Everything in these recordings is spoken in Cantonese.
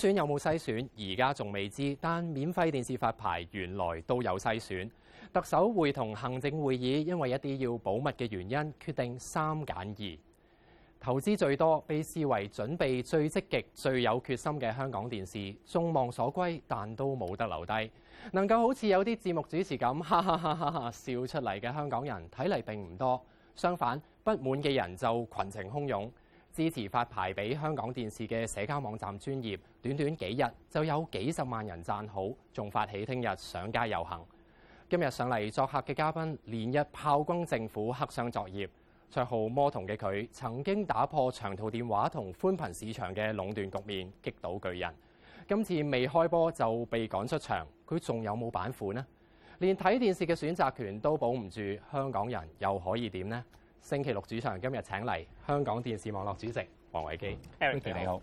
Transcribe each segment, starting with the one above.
有沒有選有冇篩選而家仲未知，但免費電視發牌原來都有篩選，特首會同行政會議因為一啲要保密嘅原因，決定三揀二。投資最多，被視為準備最積極、最有決心嘅香港電視，眾望所歸，但都冇得留低。能夠好似有啲節目主持咁，哈哈哈哈哈笑出嚟嘅香港人，睇嚟並唔多。相反，不滿嘅人就群情洶湧。支持發牌俾香港電視嘅社交網站專頁，短短幾日就有幾十萬人讚好，仲發起聽日上街遊行。今日上嚟作客嘅嘉賓，連日炮轟政府黑箱作業。綽號魔童嘅佢，曾經打破長途電話同寬頻市場嘅壟斷局面，擊倒巨人。今次未開波就被趕出場，佢仲有冇板斧呢？連睇電視嘅選擇權都保唔住，香港人又可以點呢？星期六主場今日請嚟香港電視網絡主席王維基、嗯。Eric 你好，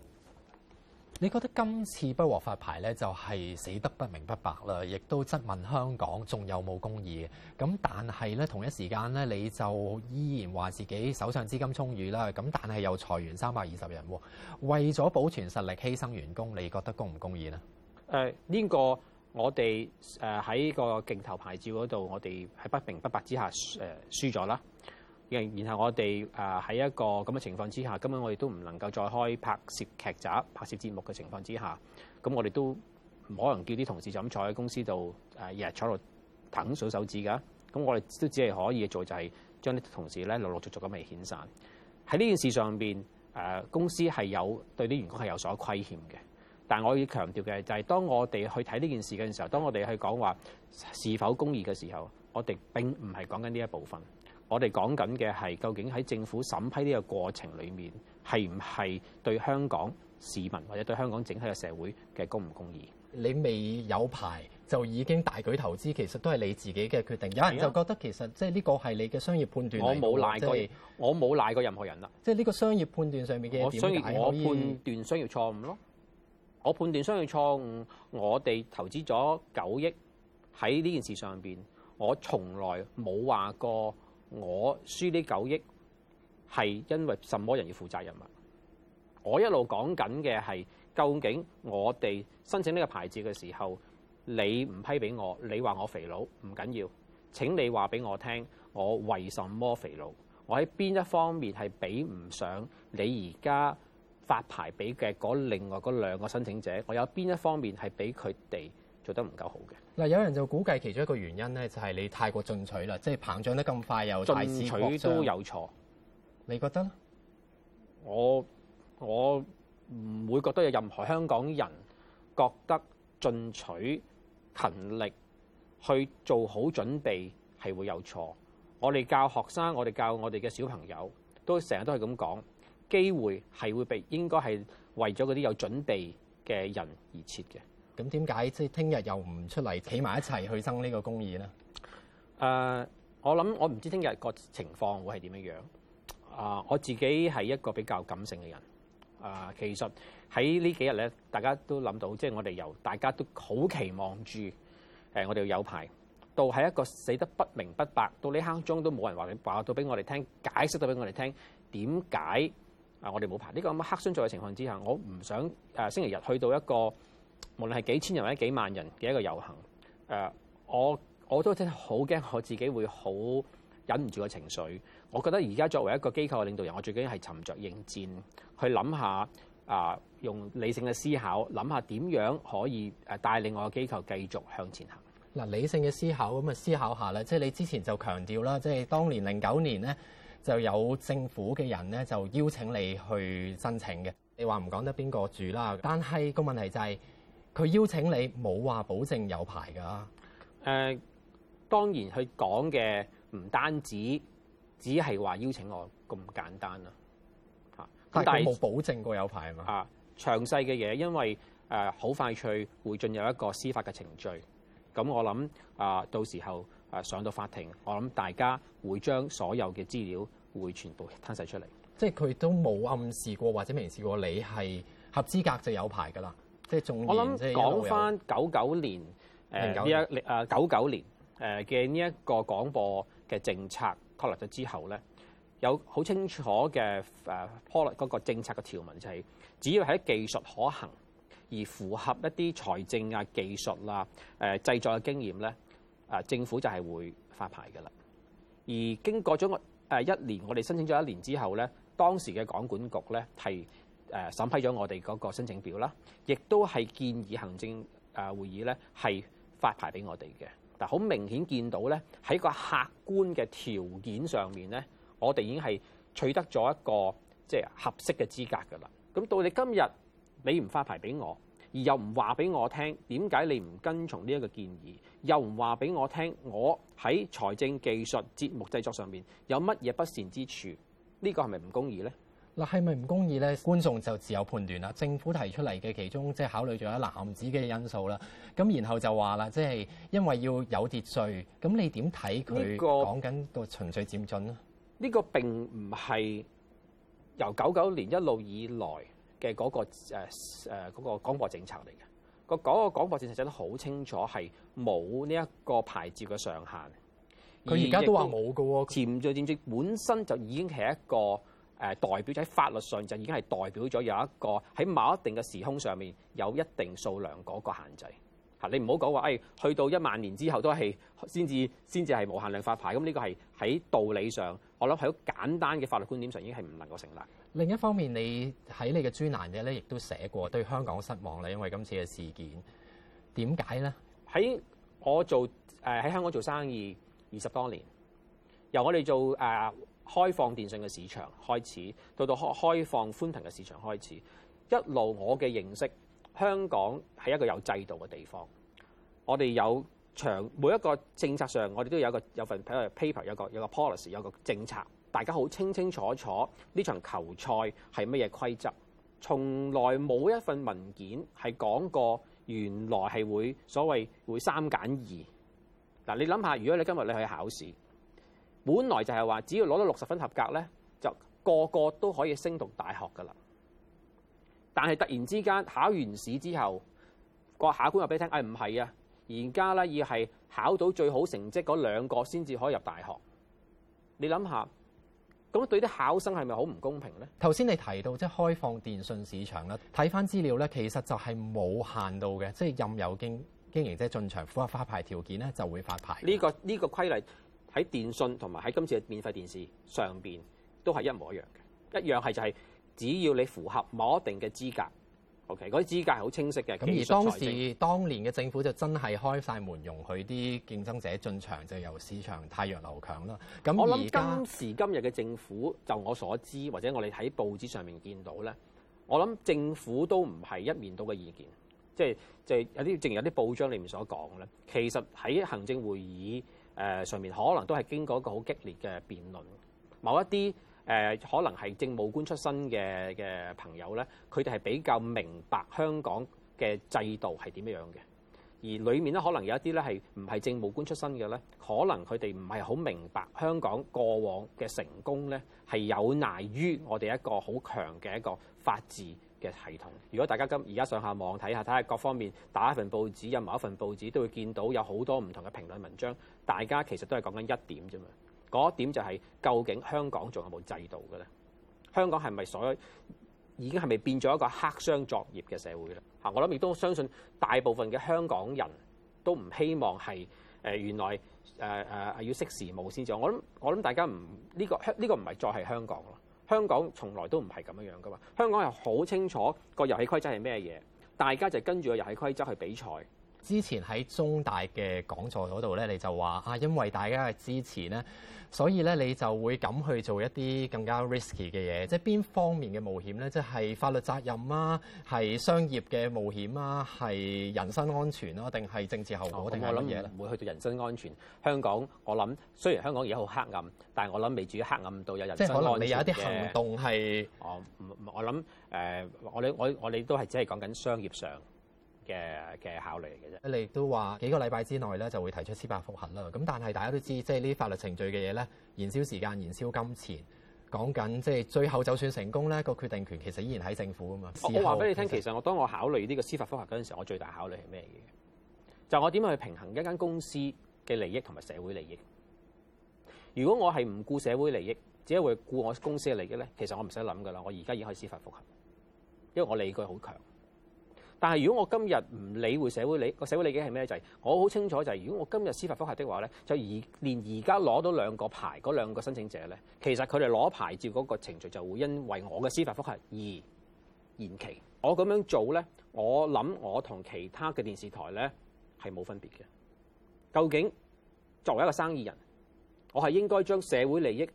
你覺得今次不獲發牌咧，就係、是、死得不明不白啦，亦都質問香港仲有冇公義？咁但係咧，同一時間咧，你就依然話自己手上資金充裕啦。咁但係又裁員三百二十人了，為咗保存實力犧牲員工，你覺得公唔公義呢？誒、呃、呢、這個我哋喺、呃、個鏡頭牌照嗰度，我哋喺不明不白之下誒、呃、輸咗啦。然後我哋誒喺一個咁嘅情況之下，今日我哋都唔能夠再開拍攝劇集、拍攝節目嘅情況之下，咁我哋都唔可能叫啲同事就咁坐喺公司度誒日日坐度等數手指㗎。咁我哋都只係可以做就係將啲同事咧陸陸續續咁嚟遣散。喺呢件事上邊誒、呃、公司係有對啲員工係有所虧欠嘅，但係我要強調嘅就係當我哋去睇呢件事嘅時候，當我哋去講話是否公義嘅時候，我哋並唔係講緊呢一部分。我哋講緊嘅係究竟喺政府審批呢個過程裡面係唔係對香港市民或者對香港整體嘅社會嘅公唔公義？你未有牌就已經大舉投資，其實都係你自己嘅決定。有人就覺得、啊、其實即係呢個係你嘅商業判斷，我冇賴過，就是、我冇賴過任何人啦。即係呢個商業判斷上面嘅點睇呢？我判斷商業錯誤咯。我判斷商業錯誤。我哋投資咗九億喺呢件事上邊，我從來冇話過。我輸呢九億係因為什麼人要負責任嘛？我一路講緊嘅係究竟我哋申請呢個牌子嘅時候，你唔批俾我，你話我肥佬唔緊要。請你話俾我聽，我為什麼肥佬？我喺邊一方面係比唔上你而家發牌俾嘅嗰另外嗰兩個申請者？我有邊一方面係比佢哋？做得唔夠好嘅嗱，有人就估計其中一個原因咧，就係你太過進取啦，即係膨脹得咁快又進取都有錯。你覺得咧？我我唔會覺得有任何香港人覺得進取勤力去做好準備係會有錯。我哋教學生，我哋教我哋嘅小朋友，都成日都係咁講，機會係會被應該係為咗嗰啲有準備嘅人而設嘅。咁點解即係聽日又唔出嚟企埋一齊去爭呢個公義咧？誒、呃，我諗我唔知聽日個情況會係點樣樣啊、呃，我自己係一個比較感性嘅人啊、呃。其實喺呢幾日咧，大家都諗到，即係我哋由大家都好期望住、呃、我哋要有牌，到喺一個死得不明不白，到呢刻鐘都冇人話你話到俾我哋聽，解釋到俾我哋聽點解啊，我哋冇牌呢個咁黑箱作嘅情況之下，我唔想誒、呃、星期日去到一個。無論係幾千人或者幾萬人嘅一個遊行，誒，uh，我我都真係好驚，我自己會好忍唔住個情緒。我覺得而家作為一個機構嘅領導人，我最緊要係沉着應戰，去諗下啊，uh, 用理性嘅思考，諗下點樣可以誒帶領我嘅機構繼續向前行。嗱，理性嘅思考，咁啊思考下咧，即係你之前就強調啦，即係當年零九年咧就有政府嘅人咧就邀請你去申請嘅，你話唔講得邊個住啦？但係個問題就係。佢邀請你冇話保證有牌㗎。誒，當然佢講嘅唔單止只係話邀請我咁簡單啦。嚇，但係冇保證過有牌啊嘛。啊，詳細嘅嘢，因為誒好、呃、快脆會進入一個司法嘅程序。咁我諗啊、呃，到時候啊、呃、上到法庭，我諗大家會將所有嘅資料會全部攤晒出嚟。即係佢都冇暗示過或者明示過你係合資格就有牌㗎啦。即我諗講返九九年誒呢一誒九九年誒嘅呢一個廣播嘅政策確立咗之後咧，有好清楚嘅誒 pull out 嗰個政策嘅條文就係、是、只要喺技術可行而符合一啲財政啊、技術啦、誒製作嘅經驗咧，誒、呃、政府就係會發牌嘅啦。而經過咗誒一年，我哋申請咗一年之後咧，當時嘅港管局咧係。誒審批咗我哋嗰個申請表啦，亦都係建議行政誒會議咧係發牌俾我哋嘅。但好明顯見到咧喺個客觀嘅條件上面咧，我哋已經係取得咗一個即係合適嘅資格㗎啦。咁到你今日你唔發牌俾我，而又唔話俾我聽點解你唔跟從呢一個建議，又唔話俾我聽我喺財政技術節目製作上面有乜嘢不善之處，呢個係咪唔公義咧？嗱，係咪唔公義咧？觀眾就自有判斷啦。政府提出嚟嘅其中，即係考慮咗一男子嘅因素啦。咁然後就話啦，即係因為要有秩序，咁你點睇佢講緊個循序漸進呢？呢個並唔係由九九年一路以來嘅嗰個誒誒嗰個廣播政策嚟嘅。嗰個廣播政策真係好清楚，係冇呢一個牌照嘅上限。佢而家都話冇嘅喎。循序漸進本身就已經係一個。誒代表咗喺法律上就已經係代表咗有一個喺某一定嘅時空上面有一定數量嗰個限制吓，你唔好講話誒去到一萬年之後都係先至先至係無限量發牌，咁呢個係喺道理上，我諗喺簡單嘅法律觀點上已經係唔能夠成立。另一方面，你喺你嘅專欄嘅咧，亦都寫過對香港失望啦，因為今次嘅事件，點解咧？喺我做誒喺香港做生意二十多年，由我哋做誒。呃開放電信嘅市場開始，到到開放寬頻嘅市場開始，一路我嘅認識，香港係一個有制度嘅地方。我哋有場每一個政策上，我哋都有一個有份睇 paper，有一個有 policy，有一個政策，大家好清清楚楚呢場球賽係乜嘢規則。從來冇一份文件係講過原來係會所謂會三選二。嗱，你諗下，如果你今日你去考試，本來就係話，只要攞到六十分合格咧，就個個都可以升讀大學㗎啦。但係突然之間考完試之後，個考官話俾你聽，誒，唔係啊，而家咧要係考到最好成績嗰兩個先至可以入大學。你諗下，咁對啲考生係咪好唔公平咧？頭先你提到即係開放電信市場啦，睇翻資料咧，其實就係冇限度嘅，即係任有經經營者進場，符合發牌條件咧，就會發牌。呢個呢個規例。喺電信同埋喺今次嘅免費電視上邊都係一模一樣嘅，一樣，係就係只要你符合某一定嘅資格，OK，嗰啲資格係好清晰嘅。咁而當時當年嘅政府就真係開晒門容許啲競爭者進場，就由市場汰弱留強啦。咁我諗今時今日嘅政府，就我所知或者我哋喺報紙上面見到咧，我諗政府都唔係一面倒嘅意見，即係就係，即係就係，有啲正如有啲報章裏面所講咧，其實喺行政會議。呃、上面可能都係經過一個好激烈嘅辯論，某一啲、呃、可能係政務官出身嘅嘅朋友呢，佢哋係比較明白香港嘅制度係點樣樣嘅，而裏面呢可能有一啲呢係唔係政務官出身嘅呢可能佢哋唔係好明白香港過往嘅成功呢係有賴於我哋一個好強嘅一個法治。嘅系統，如果大家今而家上下網睇下，睇下各方面打一份報紙，任何一份報紙都會見到有好多唔同嘅評論文章。大家其實都係講緊一點啫嘛。嗰一點就係究竟香港仲有冇制度嘅咧？香港係咪所有已經係咪變咗一個黑箱作業嘅社會咧？嚇！我諗亦都相信大部分嘅香港人都唔希望係誒、呃、原來誒誒、呃呃、要識時務先做。我諗我諗大家唔呢、呢個呢、呢個唔係再係香港咯。香港從來都唔係咁樣㗎嘛，香港係好清楚個遊戲規則係咩嘢，大家就跟住個遊戲規則去比賽。之前喺中大嘅講座嗰度咧，你就話啊，因為大家嘅支持咧，所以咧你就會咁去做一啲更加 risky 嘅嘢。即係邊方面嘅冒險咧？即係法律責任啊，係商業嘅冒險啊，係人身安全啊，定係政治後果定啲咁嘅嘢咧？唔、哦哦、會去到人身安全。香港我諗雖然香港而家好黑暗，但係我諗未至於黑暗到有人。即係可能你有一啲行動係哦，唔我諗誒、呃，我我我哋都係只係講緊商業上。嘅嘅考慮嚟嘅啫，你亦都話幾個禮拜之內咧就會提出司法覆核啦。咁但係大家都知，即係呢啲法律程序嘅嘢咧，燃燒時間、燃燒金錢，講緊即係最後就算成功咧，個決定權其實依然喺政府啊嘛。我話俾你聽，其實我當我考慮呢個司法覆核嗰陣時，我最大考慮係咩嘢？就我點去平衡一間公司嘅利益同埋社會利益？如果我係唔顧社會利益，只係會顧我公司嘅利益咧，其實我唔使諗噶啦。我而家已經可以司法覆核，因為我理據好強。但係如果我今日唔理會社會理，個社會理解係咩就係、是、我好清楚就係、是，如果我今日司法覆核的話咧，就而連而家攞到兩個牌嗰兩個申請者咧，其實佢哋攞牌照嗰個程序就會因為我嘅司法覆核而延期。我咁樣做咧，我諗我同其他嘅電視台咧係冇分別嘅。究竟作為一個生意人，我係應該將社會利益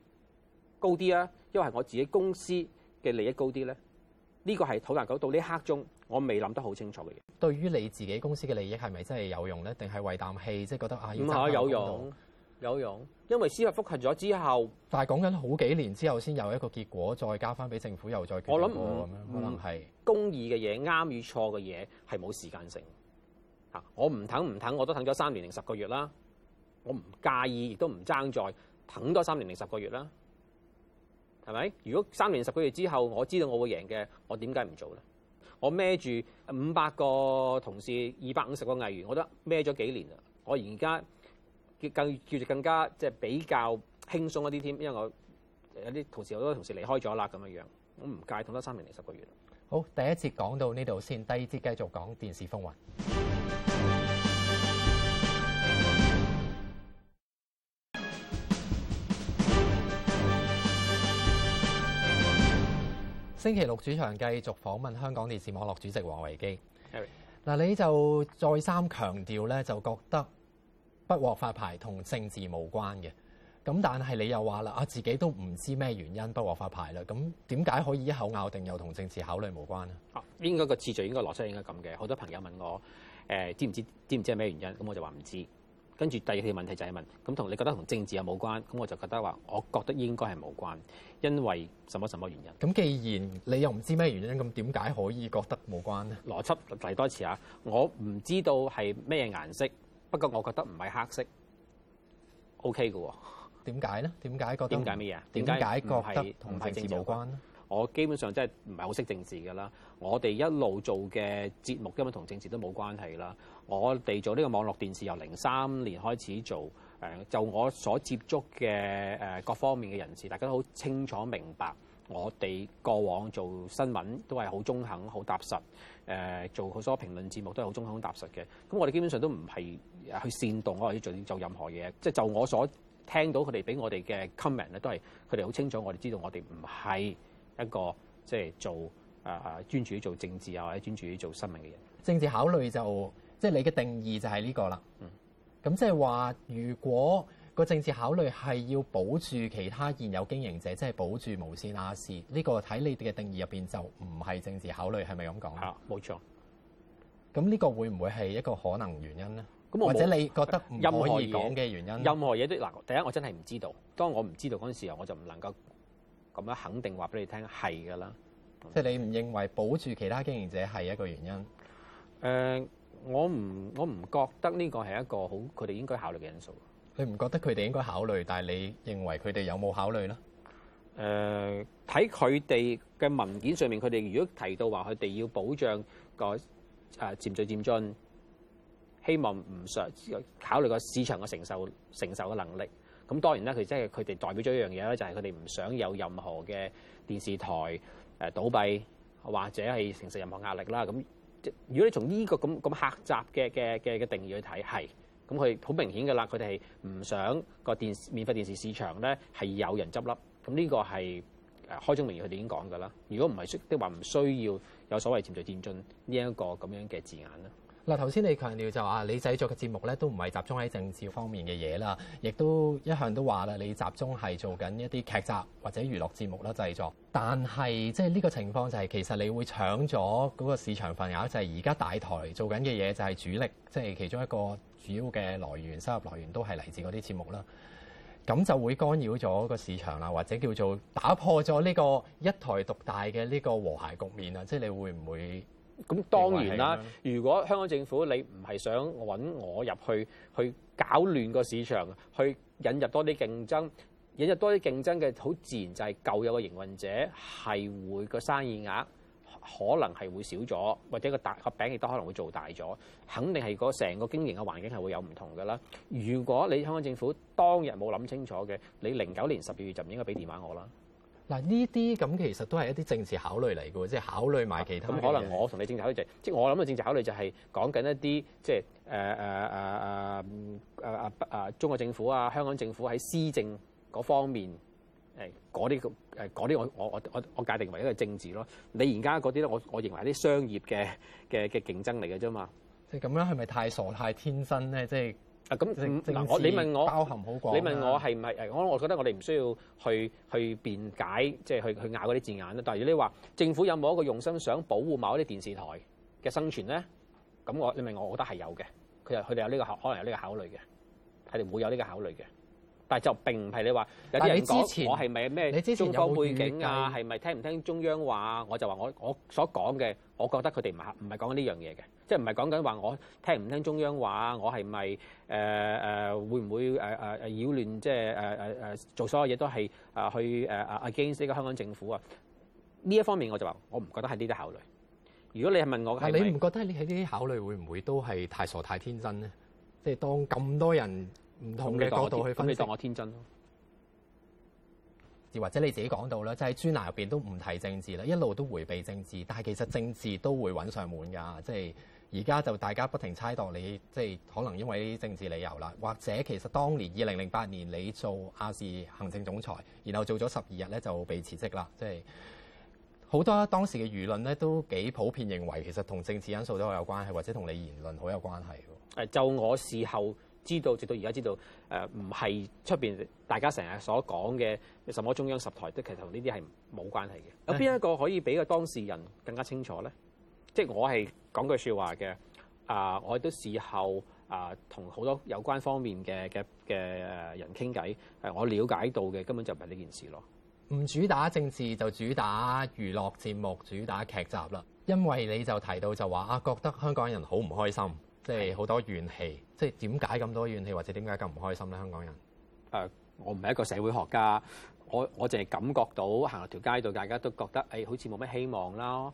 高啲啊，因為我自己公司嘅利益高啲咧？呢、這個係好難講到呢一刻中。我未諗得好清楚嘅嘢。對於你自己公司嘅利益係咪真係有用咧？定係為啖氣即係覺得啊有？有用，有用。因為司法覆核咗之後，但係講緊好幾年之後先有一個結果，再交翻俾政府又再決定。我諗唔可能係、嗯、公義嘅嘢，啱與錯嘅嘢係冇時間性。啊！我唔等唔等，我都等咗三年零十個月啦。我唔介意，亦都唔爭再等多三年零十個月啦。係咪？如果三年零十個月之後我知道我會贏嘅，我點解唔做咧？我孭住五百個同事，二百五十個藝員，我覺得孭咗幾年啦。我而家叫更叫做更加即係比較輕鬆一啲添，因為我有啲同事好多同事離開咗啦咁樣樣，我唔介意，凍得三年零十個月。好，第一節講到呢度先，第二節繼續講電視風雲。星期六主場繼續訪問香港電視網絡主席王維基。嗱，你就再三強調咧，就覺得不獲發牌同政治無關嘅。咁但係你又話啦，啊自己都唔知咩原因不獲發牌啦。咁點解可以一口咬定又同政治考慮無關咧？啊，應該個次序應該落輯應該咁嘅。好多朋友問我誒、呃，知唔知知唔知係咩原因？咁我就話唔知。跟住第二條問題就係問，咁同你覺得同政治有冇關？咁我就覺得話，我覺得應該係冇關，因為什麼什麼原因？咁既然你又唔知咩原因，咁點解可以覺得冇關咧？邏輯，嚟多次啊，我唔知道係咩顏色，不過我覺得唔係黑色。O K. 嘅喎，點解咧？點解覺得？點解咩嘢？點解覺得同政治冇關咧？我基本上真係唔係好識政治噶啦。我哋一路做嘅節目根本同政治都冇關係啦。我哋做呢個網絡電視由零三年開始做誒，就我所接觸嘅誒各方面嘅人士，大家都好清楚明白我哋過往做新聞都係好中肯、好踏實誒。做好多評論節目都係好中肯、踏實嘅。咁我哋基本上都唔係去煽動或者做做任何嘢，即係就我所聽到佢哋俾我哋嘅 comment 咧，都係佢哋好清楚，我哋知道我哋唔係。一個即係做誒誒、呃、專注於做政治啊，或者專注於做新聞嘅人。政治考慮就即係、就是、你嘅定義就係呢個啦。嗯。咁即係話，如果個政治考慮係要保住其他現有經營者，即、就、係、是、保住無線士、亞視，呢個睇你哋嘅定義入邊就唔係政治考慮，係咪咁講？嚇，冇錯。咁呢個會唔會係一個可能原因咧？咁或者你覺得唔可以講嘅原因？任何嘢都嗱，第一我真係唔知道。當我唔知道嗰陣時候，我就唔能夠。咁樣肯定話俾你聽係㗎啦，即係你唔認為保住其他經營者係一個原因？誒，我唔我唔覺得呢個係一個好佢哋應該考慮嘅因素。你唔覺得佢哋應該考慮，但係你認為佢哋有冇考慮咧？誒，睇佢哋嘅文件上面，佢哋如果提到話佢哋要保障個誒漸進漸進，希望唔想考慮個市場嘅承受承受嘅能力。咁當然啦，佢即係佢哋代表咗一樣嘢咧，就係佢哋唔想有任何嘅電視台誒倒閉或者係承受任何壓力啦。咁，如果你從呢個咁咁狹窄嘅嘅嘅嘅定義去睇，係咁佢好明顯嘅啦。佢哋係唔想個電視免費電視市場咧係有人執笠。咁呢個係開宗明義佢哋已經講嘅啦。如果唔係即話唔需要有所謂循序漸進呢一個咁樣嘅字眼咧。嗱，頭先你強調就話你製作嘅節目咧都唔係集中喺政治方面嘅嘢啦，亦都一向都話啦，你集中係做緊一啲劇集或者娛樂節目啦製作。但係即係呢個情況就係其實你會搶咗嗰個市場份額，就係而家大台做緊嘅嘢就係主力，即係其中一個主要嘅來源收入來源都係嚟自嗰啲節目啦。咁就會干擾咗個市場啦，或者叫做打破咗呢個一台獨大嘅呢個和諧局面啊！即係你會唔會。咁當然啦，如果香港政府你唔係想搵我入去去搞亂個市場，去引入多啲競爭，引入多啲競爭嘅，好自然就係舊有嘅營運者係會個生意額可能係會少咗，或者個大個餅亦都可能會做大咗，肯定係個成個經營嘅環境係會有唔同㗎啦。如果你香港政府當日冇諗清楚嘅，你零九年十二月就唔應該俾電話我啦。但呢啲咁其實都係一啲政治考慮嚟嘅喎，即係考慮埋其他。咁、啊、可能我同你政治考慮就係，即係我諗嘅政治考慮就係講緊一啲即係誒誒誒誒誒誒中國政府啊、香港政府喺施政嗰方面誒嗰啲誒啲，我我我我我界定為一個政治咯。你而家嗰啲咧，我我認為啲商業嘅嘅嘅競爭嚟嘅啫嘛。即係咁樣係咪太傻太天真咧？即係。咁嗱、啊，我你問我，你問我係唔係？我我覺得我哋唔需要去去辯解，即係去去咬嗰啲字眼啦。但係如果你話政府有冇一個用心想保護某一啲電視台嘅生存咧？咁我你問我，我覺得係有嘅。佢佢哋有呢個可能有呢個考慮嘅，佢哋會有呢個考慮嘅。但係就並唔係你話有啲人講我係咪咩中央背景啊？係咪聽唔聽中央話？我就話我我所講嘅，我覺得佢哋唔係唔係講緊呢樣嘢嘅。即係唔係講緊話我聽唔聽中央話，我係咪誒誒會唔會誒誒擾亂？即係誒誒誒做所有嘢都係啊去誒誒、呃、against 呢個香港政府啊？呢一方面我就話我唔覺得係呢啲考慮。如果你係問我是不是，係你唔覺得你喺呢啲考慮，會唔會都係太傻太天真咧？即、就、係、是、當咁多人唔同嘅角度去分析，你覺得我，我天真咯？或者你自己講到啦，即係專欄入邊都唔提政治啦，一路都迴避政治，但係其實政治都會揾上門㗎。即係而家就大家不停猜度你，即係可能因為啲政治理由啦，或者其實當年二零零八年你做亞視行政總裁，然後做咗十二日咧就被辭職啦。即係好多當時嘅輿論咧都幾普遍認為，其實同政治因素都好有關係，或者同你言論好有關係。誒，就我事後，現在知道，直到而家知道，誒唔係出邊大家成日所講嘅什麼中央十台，的其實同呢啲係冇關係嘅。有邊一個可以俾個當事人更加清楚咧？即係我係講句說話嘅，啊、呃，我亦都事後啊同好多有關方面嘅嘅嘅誒人傾偈，誒，我了解到嘅根本就唔係呢件事咯。唔主打政治就主打娛樂節目，主打劇集啦，因為你就提到就話啊，覺得香港人好唔開心。即係好多怨氣，即係點解咁多怨氣，或者點解咁唔開心咧？香港人，誒、呃，我唔係一個社會學家，我我淨係感覺到行落條街度，大家都覺得誒、哎，好似冇乜希望啦。誒、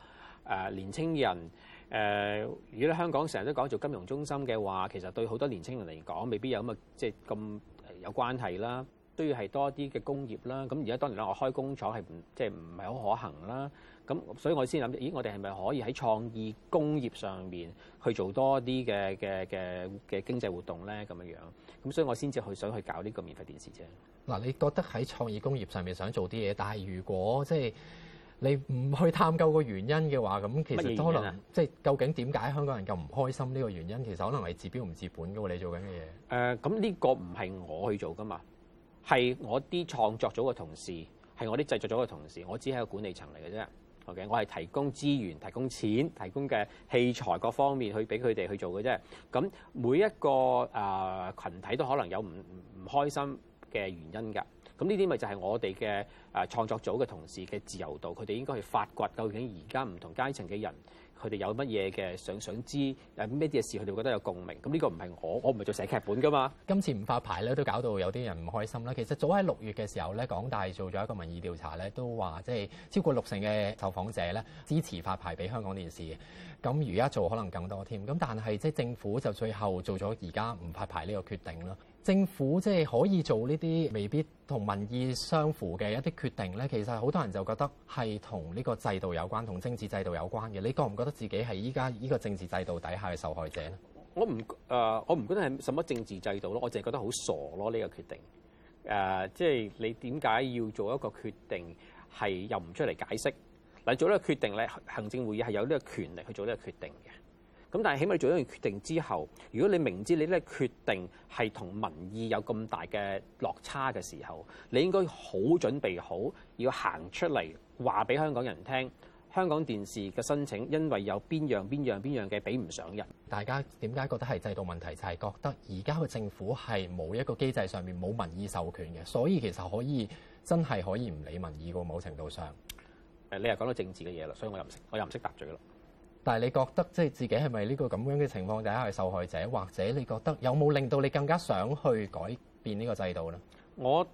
呃，年青人，誒、呃，如果香港成日都講做金融中心嘅話，其實對好多年青人嚟講，未必有咁啊，即係咁有關係啦。都要係多啲嘅工業啦。咁而家當然啦，我開工廠係唔即係唔係好可行啦。咁，所以我先諗，咦？我哋係咪可以喺創意工業上面去做多啲嘅嘅嘅嘅經濟活動咧？咁樣樣咁，所以我先至去想去搞呢個免費電視啫。嗱，你覺得喺創意工業上面想做啲嘢，但係如果即係、就是、你唔去探究個原因嘅話，咁其實都可能、啊、即係究竟點解香港人咁唔開心呢個原因？其實可能係治標唔治本㗎喎。你做緊嘅嘢誒，咁、呃、呢個唔係我去做噶嘛，係我啲創作組嘅同事，係我啲製作組嘅同事，我只係一個管理層嚟嘅啫。Okay. 我係提供資源、提供錢、提供嘅器材各方面去俾佢哋去做嘅啫。咁每一個誒羣體都可能有唔唔開心嘅原因㗎。咁呢啲咪就係我哋嘅誒創作組嘅同事嘅自由度，佢哋應該去發掘究竟而家唔同階層嘅人。佢哋有乜嘢嘅想想知，有咩嘢事佢哋覺得有共鳴，咁呢個唔係我，我唔係做寫劇本噶嘛。今次唔發牌咧，都搞到有啲人唔開心啦。其實早喺六月嘅時候咧，港大做咗一個民意調查咧，都話即係超過六成嘅受訪者咧支持發牌俾香港電視嘅。咁而家做可能更多添。咁但係即係政府就最後做咗而家唔發牌呢個決定啦。政府即係可以做呢啲未必同民意相符嘅一啲決定咧，其實好多人就覺得係同呢個制度有關，同政治制度有關嘅。你覺唔覺得自己係依家依個政治制度底下嘅受害者咧？我唔誒、呃，我唔覺得係什麼政治制度咯，我淨係覺得好傻咯呢、呢個決定誒，即、呃、係、就是、你點解要做一個決定係又唔出嚟解釋，嗱，做呢個決定咧，行政會議係有呢個權力去做呢個決定嘅。咁但係起碼你做咗一個決定之後，如果你明知你呢個決定係同民意有咁大嘅落差嘅時候，你應該好準備好要行出嚟話俾香港人聽，香港電視嘅申請因為有邊樣邊樣邊樣嘅比唔上人。大家點解覺得係制度問題？就係、是、覺得而家嘅政府係冇一個機制上面冇民意授權嘅，所以其實可以真係可以唔理民意嘅喎。某程度上，誒你又講到政治嘅嘢啦，所以我又唔識，我又唔識答嘴啦。但係你覺得即係自己係咪呢個咁樣嘅情況底下係受害者，或者你覺得有冇令到你更加想去改變呢個制度呢？我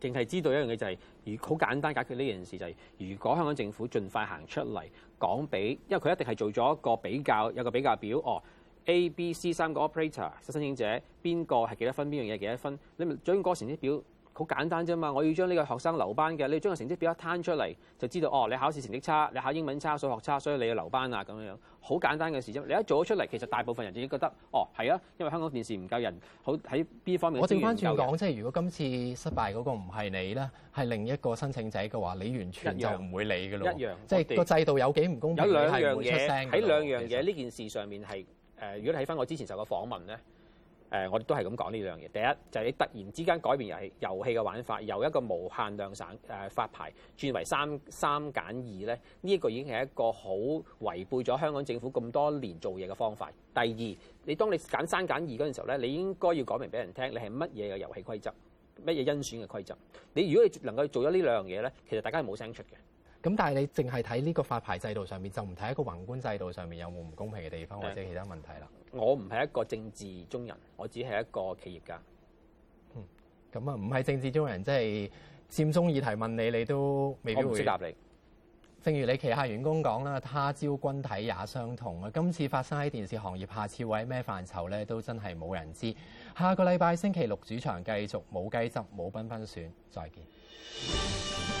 淨係知道一樣嘢就係、是，如好簡單解決呢件事就係、是，如果香港政府盡快行出嚟講俾，因為佢一定係做咗一個比較，有個比較表哦，A、B、C 三個 operator 實申請者邊個係幾多分，邊樣嘢幾多分，你咪做完嗰時啲表。好簡單啫嘛！我要將呢個學生留班嘅，你要將個成績表一攤出嚟，就知道哦，你考試成績差，你考英文差，數學差，所以你要留班啊，咁樣樣好簡單嘅事啫。你一做咗出嚟，其實大部分人已經覺得哦，係啊，因為香港電視唔夠人好喺邊方面。我正翻轉講，即係如果今次失敗嗰個唔係你啦，係另一個申請者嘅話，你完全就唔會理嘅咯。一樣，即係、就是、個制度有幾唔公平，有兩樣嘢。喺兩樣嘢呢件事上面係誒、呃，如果你睇翻我之前受過訪問咧。誒，我哋都係咁講呢兩樣嘢。第一，就係你突然之間改變遊戲遊戲嘅玩法，由一個無限量省誒發牌轉為三三揀二咧，呢一個已經係一個好違背咗香港政府咁多年做嘢嘅方法。第二，你當你揀三揀二嗰陣時候咧，你應該要講明俾人聽，你係乜嘢嘅遊戲規則，乜嘢甄選嘅規則。你如果你能夠做咗呢兩樣嘢咧，其實大家係冇聲出嘅。咁但係你淨係睇呢個發牌制度上面，就唔睇一個宏觀制度上面有冇唔公平嘅地方或者其他問題啦。我唔係一個政治中人，我只係一個企業家。嗯，咁啊，唔係政治中人，即係佔中議題問你，你都未必會答你。正如你旗下員工講啦，他朝君體也相同。今次發生喺電視行業，下次會喺咩範疇咧，都真係冇人知道。下個禮拜星期六主場繼續冇雞汁，冇繽紛選，再見。